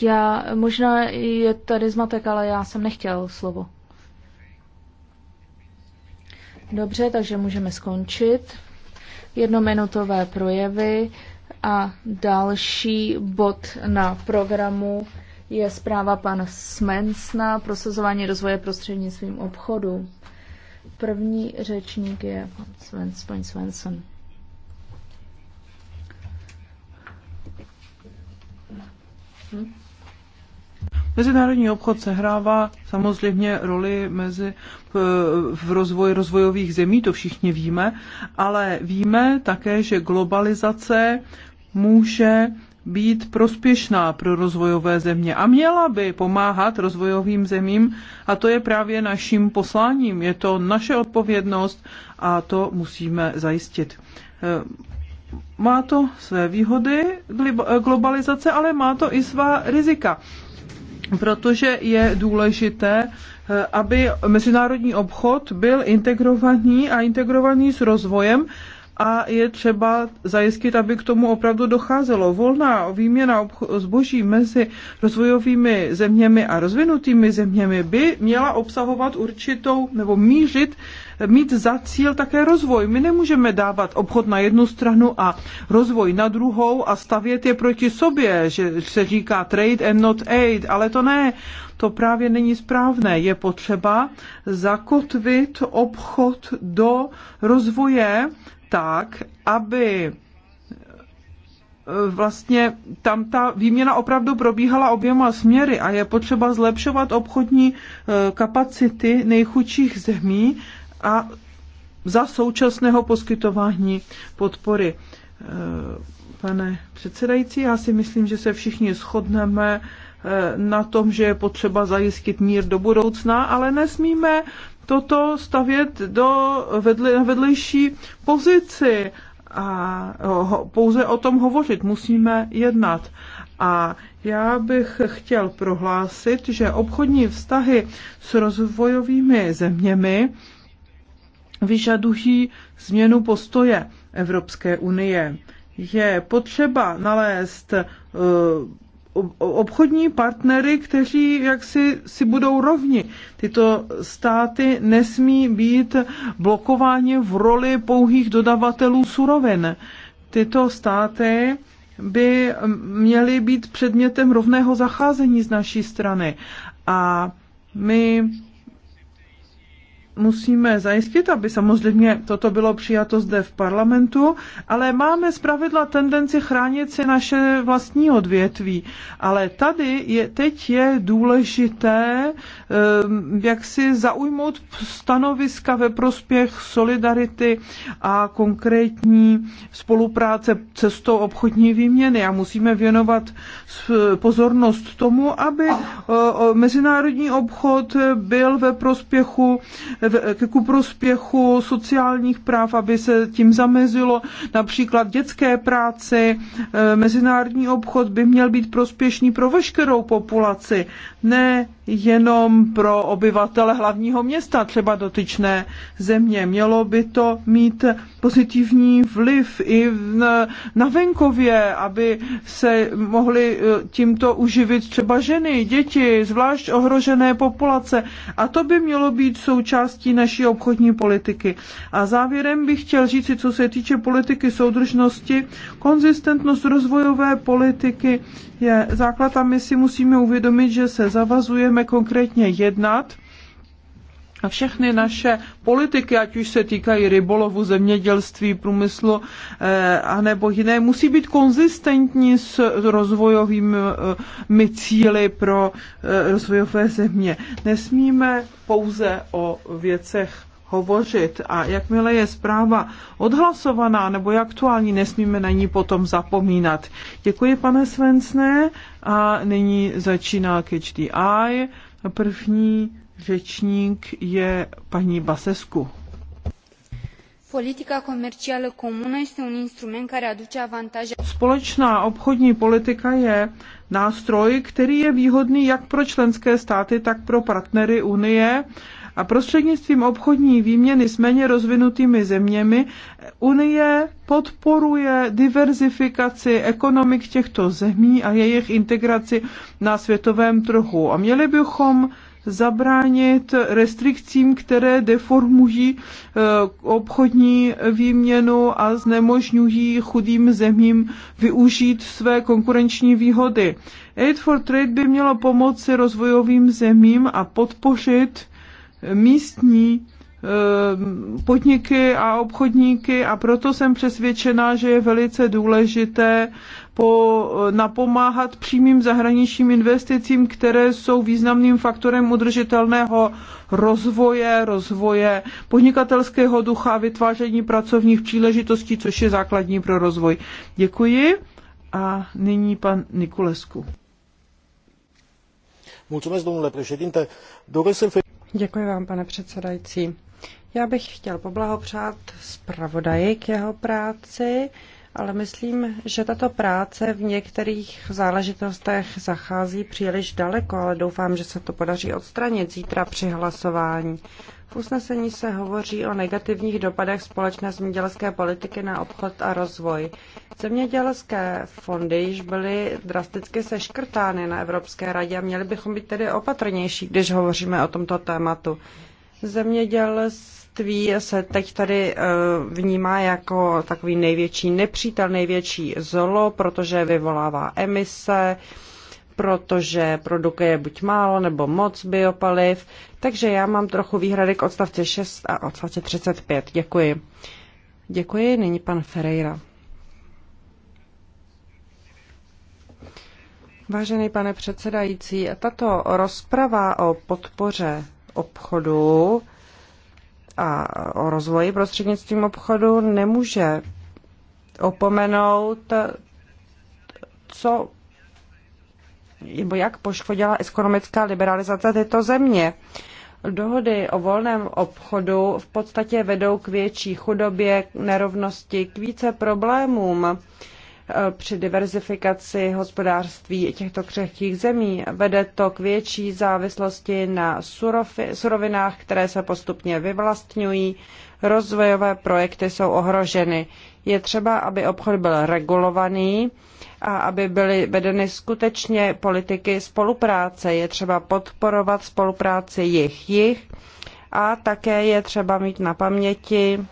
Já, možná je tady zmatek, ale já jsem nechtěl slovo. Dobře, takže můžeme skončit. Jednominutové projevy a další bod na programu je zpráva pana Smensna, prosazování rozvoje prostřednictvím obchodu. První řečník je pan Svens, pan Svensson. Mezinárodní obchod sehrává samozřejmě roli mezi, v rozvoji rozvojových zemí, to všichni víme, ale víme také, že globalizace může být prospěšná pro rozvojové země a měla by pomáhat rozvojovým zemím a to je právě naším posláním. Je to naše odpovědnost a to musíme zajistit. Má to své výhody eh, globalizace, ale má to i svá rizika, protože je důležité, eh, aby mezinárodní obchod byl integrovaný a integrovaný s rozvojem a je třeba zajistit, aby k tomu opravdu docházelo. Volná výměna zboží mezi rozvojovými zeměmi a rozvinutými zeměmi by měla obsahovat určitou nebo mířit, mít za cíl také rozvoj. My nemůžeme dávat obchod na jednu stranu a rozvoj na druhou a stavět je proti sobě, že se říká trade and not aid, ale to ne. To právě není správné. Je potřeba zakotvit obchod do rozvoje tak, aby e, vlastně tam ta výměna opravdu probíhala oběma směry a je potřeba zlepšovat obchodní e, kapacity nejchudších zemí a za současného poskytování podpory. E, pane předsedající, já si myslím, že se všichni shodneme Eh, na tom, že je potřeba zajistit mír do budoucna, ale nesmíme toto stavět do vedle, vedlejší pozici a ho, pouze o tom hovořit. Musíme jednat. A já bych chtěl prohlásit, že obchodní vztahy s rozvojovými zeměmi vyžadují změnu postoje Evropské unie. Je potřeba nalézt eh, obchodní partnery, kteří jaksi si budou rovni. Tyto státy nesmí být blokováni v roli pouhých dodavatelů surovin. Tyto státy by měly být předmětem rovného zacházení z naší strany. A my musíme zajistit, aby samozřejmě toto bylo přijato zde v parlamentu, ale máme zpravidla tendenci chránit si naše vlastní odvětví. Ale tady je, teď je důležité, ehm, jak si zaujmout stanoviska ve prospěch solidarity a konkrétní spolupráce cestou obchodní výměny a musíme věnovat pozornost tomu, aby mezinárodní obchod byl ve prospěchu ku prospěchu sociálních práv, aby se tím zamezilo například dětské práci. E, mezinárodní obchod by měl být prospěšný pro veškerou populaci, ne jenom pro obyvatele hlavního města, třeba dotyčné země. Mělo by to mít pozitivní vliv i na venkově, aby se mohly e, tímto uživit třeba ženy, děti, zvlášť ohrožené populace. A to by mělo být součást součástí naší obchodní politiky. A závěrem bych chtěl říct, co se týče politiky soudržnosti, konzistentnost rozvojové politiky je základ a my si musíme uvědomit, že se zavazujeme konkrétně jednat na všechny naše politiky, ať už se týkají rybolovu, zemědělství, průmyslu eh, a nebo jiné, musí být konzistentní s rozvojovými eh, cíly pro eh, rozvojové země. Nesmíme pouze o věcech hovořit a jakmile je zpráva odhlasovaná nebo je aktuální, nesmíme na ní potom zapomínat. Děkuji, pane Svensné, a nyní začíná KHDI. První řečník je paní Basescu. Politika komerciálu komuna je un instrument který aduce avantaže. Společná obchodní politika je nástroj, který je výhodný jak pro členské státy, tak pro partnery Unie a prostřednictvím obchodní výměny s méně rozvinutými zeměmi Unie podporuje diverzifikaci ekonomik těchto zemí a jejich integraci na světovém trhu. A měli bychom zabránit restrikcím, které deformují eh, obchodní výměnu a znemožňují chudým zemím využít své konkurenční výhody. Aid for Trade by mělo pomoci rozvojovým zemím a podpořit místní Eh, podniky a obchodníky a proto jsem přesvědčena, že je velice důležité po, napomáhat přímým zahraničním investicím, které jsou významným faktorem udržitelného rozvoje, rozvoje podnikatelského ducha a vytváření pracovních příležitostí, což je základní pro rozvoj. Děkuji a nyní pan Nikulesku. Děkuji vám, pane předsedající já bych chtěl poblahopřát zpravodaji k jeho práci, ale myslím, že tato práce v některých záležitostech zachází příliš daleko, ale doufám, že se to podaří odstranit zítra při hlasování. V usnesení se hovoří o negativních dopadech společné zemědělské politiky na obchod a rozvoj. Zemědělské fondy již byly drasticky seškrtány na Evropské radě a měli bychom být tedy opatrnější, když hovoříme o tomto tématu. Zemědělské Křesťanství se teď tady eh, vnímá jako takový největší nepřítel, největší zlo, protože vyvolává emise, protože produkuje buď málo nebo moc biopaliv. Takže já mám trochu výhrady k odstavci 6 a odstavci 35. Děkuji. Děkuji. Nyní pan Ferreira. Vážený pane předsedající, tato rozprava o podpoře obchodu a o rozvoji prostřednictvím obchodu nemůže opomenout, co nebo jak poškodila ekonomická liberalizace tyto země. Dohody o volném obchodu v podstatě vedou k větší chudobě, k nerovnosti, k více problémům. Eh, při diverzifikaci hospodářství těchto křehkých zemí. Vede to k větší závislosti na surovinách, které se postupně vyvlastňují. Rozvojové projekty jsou ohroženy. Je třeba, aby obchod byl regulovaný a aby byly vedeny skutečně politiky spolupráce. Je třeba podporovat spolupráci jich-jich a také je třeba mít na paměti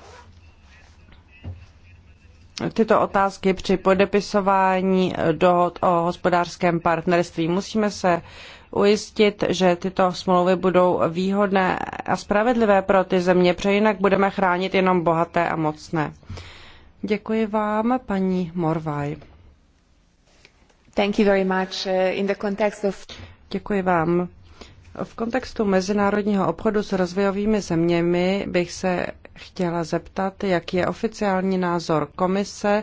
tyto otázky při podepisování dohod o hospodářském partnerství. Musíme se ujistit, že tyto smlouvy budou výhodné a spravedlivé pro ty země, protože jinak budeme chránit jenom bohaté a mocné. Děkuji vám, paní Morvaj. Thank you very much. Uh, in the context of... Děkuji vám. V kontextu mezinárodního obchodu s rozvojovými zeměmi bych se chtěla zeptat, jaký je oficiální názor komise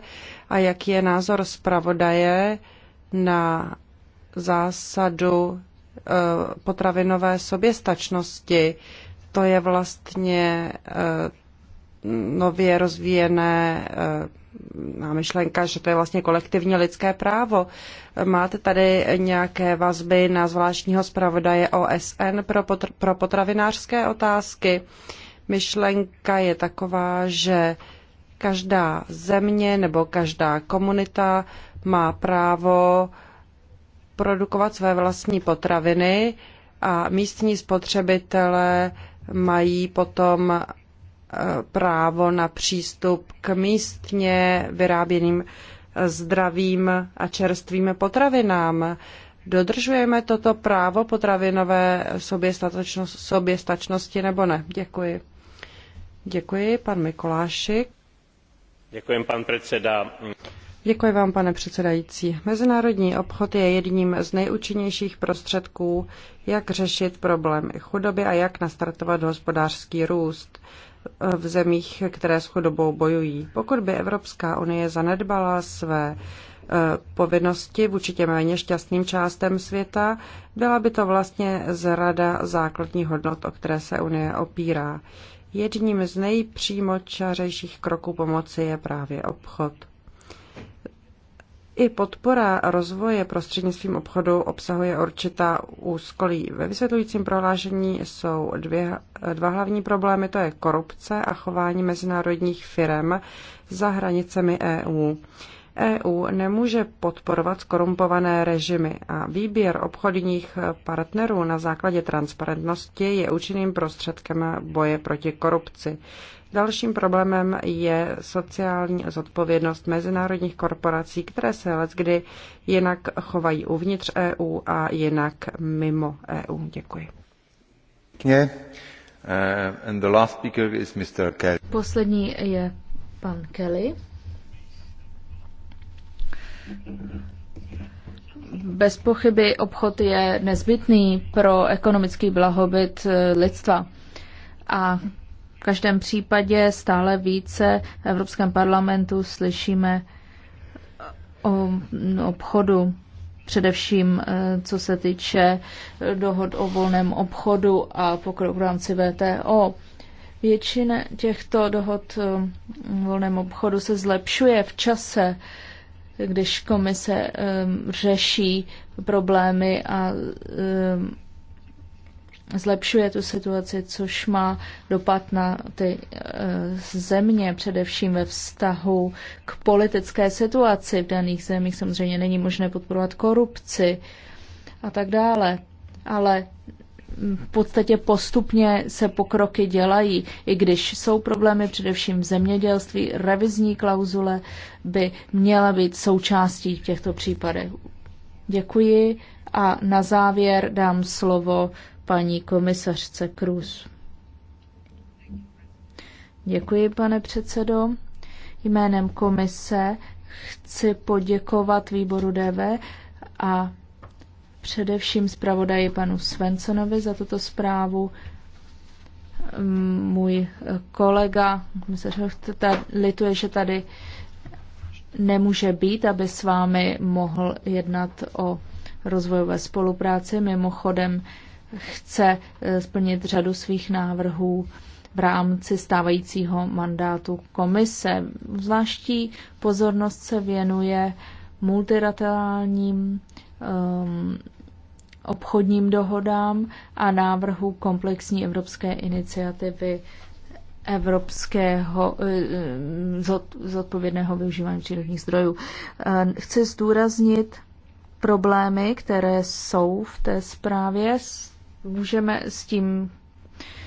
a jaký je názor zpravodaje na zásadu eh, potravinové soběstačnosti. To je vlastně eh, nově rozvíjené eh, myšlenka, že to je vlastně kolektivní lidské právo. Máte tady nějaké vazby na zvláštního zpravodaje OSN pro, potr- pro potravinářské otázky? Uh, Myšlenka je taková, že každá země nebo každá komunita má právo produkovat své vlastní potraviny a místní spotřebitelé mají potom eh, právo na přístup k místně vyráběným eh, zdravým a čerstvým potravinám. Dodržujeme toto právo potravinové soběstačnosti nebo ne? Děkuji. Děkuji, Děkuji, předseda. Děkuji vám, pane předsedající. Mezinárodní obchod je jedním z nejúčinnějších prostředků, jak řešit problém chudoby a jak nastartovat hospodářský růst v zemích, které s chudobou bojují. Pokud by Evropská unie zanedbala své eh, povinnosti vůči těm méně šťastným částem světa, byla by to vlastně zrada základních hodnot, o které se Unie opírá. Jedním z nejpřímočařejších kroků pomoci je právě obchod. I podpora rozvoje prostřednictvím obchodu obsahuje určitá úskolí. Ve vysvětlujícím prohlášení jsou dvě, dva hlavní problémy, to je korupce a chování mezinárodních firm za hranicemi EU. EU nemůže podporovat skorumpované režimy a výběr obchodních partnerů na základě transparentnosti je účinným prostředkem boje proti korupci. Dalším problémem je sociální zodpovědnost mezinárodních korporací, které se leckdy jinak chovají uvnitř EU a jinak mimo EU. Děkuji. Eh, Poslední je pan Kelly. Bez pochyby obchod je nezbytný pro ekonomický blahobyt eh, lidstva. A v každém případě stále více v Evropském parlamentu slyšíme eh, o obchodu, především eh, co se týče dohod o volném obchodu a pokrok v rámci VTO. Většina těchto dohod o volném obchodu se zlepšuje v čase když komise um, řeší problémy a um, zlepšuje tu situaci, což má dopad na ty e, země, především ve vztahu k politické situaci v daných zemích. Samozřejmě není možné podporovat korupci a tak dále. Ale v podstatě postupně se pokroky dělají, i když jsou problémy především v zemědělství, revizní klauzule by měla být součástí v těchto případech. Děkuji a na závěr dám slovo paní komisařce Krus. Děkuji, pane předsedo. Jménem komise chci poděkovat výboru DV a především zpravodaji panu Svensonovi za tuto zprávu. Můj kolega, komisař, lituje, že tady nemůže být, aby s vámi mohl jednat o rozvojové spolupráci. Mimochodem chce eh, splnit řadu svých návrhů v rámci stávajícího mandátu komise. Zvláští pozornost se věnuje multilaterálním um, obchodním dohodám a návrhu komplexní evropské iniciativy evropského eh, eh, zodpovědného využívání přírodních zdrojů. Eh, chci zdůraznit problémy, které jsou v té zprávě. Můžeme s tím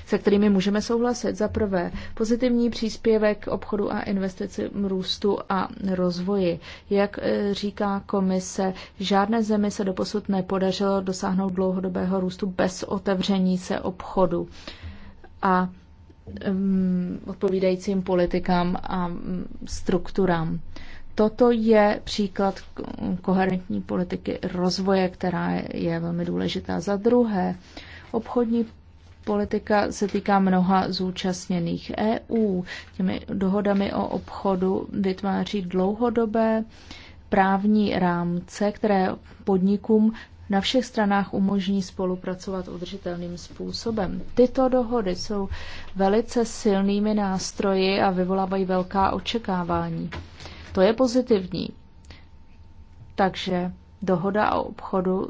se kterými můžeme souhlasit. Za prvé, pozitivní příspěvek obchodu a investici růstu a rozvoji. Jak e, říká komise, žádné zemi se doposud nepodařilo dosáhnout dlouhodobého růstu bez otevření se obchodu a um, odpovídajícím politikám a um, strukturám. Toto je příklad koherentní politiky rozvoje, která je velmi důležitá. Za druhé, obchodní politika se týká mnoha zúčastněných EU. Těmi dohodami o obchodu vytváří dlouhodobé právní rámce, které podnikům na všech stranách umožní spolupracovat udržitelným způsobem. Tyto dohody jsou velice silnými nástroji a vyvolávají velká očekávání. To je pozitivní. Takže Dohoda o obchodu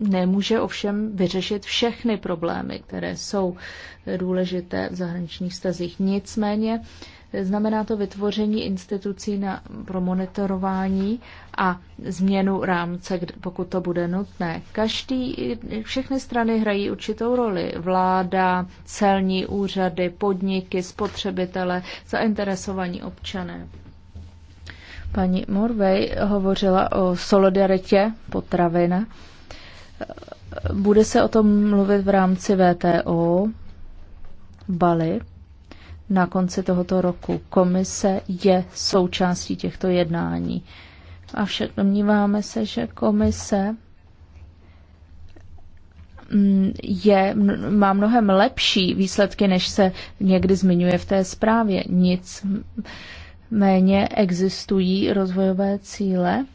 nemůže ovšem vyřešit všechny problémy, které jsou důležité v zahraničních stazích. Nicméně eh, znamená to vytvoření institucí na, pro monitorování a změnu rámce, pokud to bude nutné. Každý, eh, všechny strany hrají určitou roli. Vláda, celní úřady, podniky, spotřebitele, zainteresovaní občané. Paní Morvej hovořila o solidaritě potravin. Bude se o tom mluvit v rámci VTO Bali na konci tohoto roku. Komise je součástí těchto jednání. A však domníváme se, že komise mm, je, má mnohem lepší výsledky, než se někdy zmiňuje v té zprávě. Nic méně existují rozvojové cíle,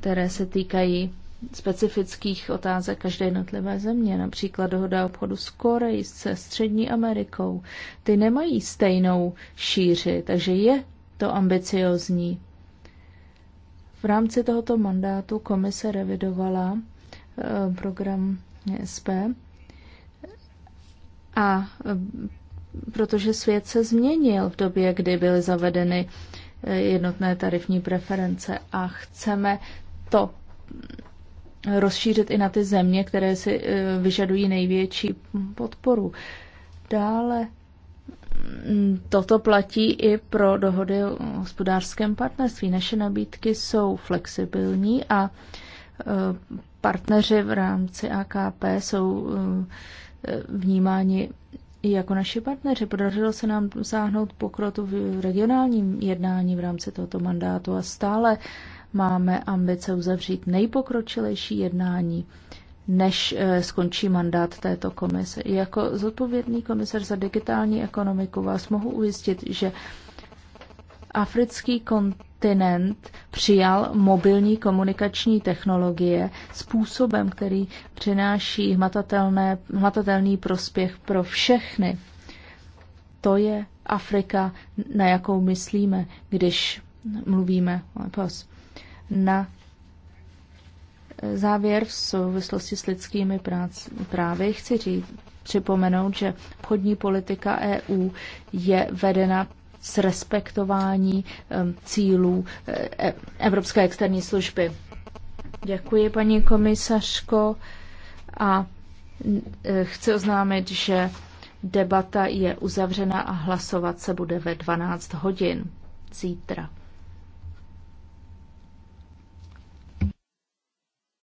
které se týkají specifických otázek každé jednotlivé země, například dohoda obchodu s Koreji, se Střední Amerikou. Ty nemají stejnou šíři, takže je to ambiciozní. V rámci tohoto mandátu komise revidovala eh, program SP a eh, protože svět se změnil v době, kdy byly zavedeny eh, jednotné tarifní preference a chceme to rozšířit i na ty země, které si eh, vyžadují největší podporu. Dále mm, toto platí i pro dohody o hospodářském partnerství. Naše nabídky jsou flexibilní a eh, partneři v rámci AKP jsou vnímáni i jako naši partneři. Podařilo se nám dosáhnout pokrotu v regionálním jednání v rámci tohoto mandátu a stále máme ambice uzavřít nejpokročilejší jednání, než eh, skončí mandát této komise. I jako zodpovědný komisař za digitální ekonomiku vás mohu ujistit, že africký kontinent kontinent přijal mobilní komunikační technologie způsobem, který přináší hmatatelné, hmatatelný prospěch pro všechny. To je Afrika, na jakou myslíme, když mluvíme pos. Na závěr v souvislosti s lidskými prác, právy chci říct, připomenout, že obchodní politika EU je vedena s respektování cílů e, Evropské externí služby. Děkuji, paní komisařko, a e, chci oznámit, že debata je uzavřena a hlasovat se bude ve 12 hodin zítra.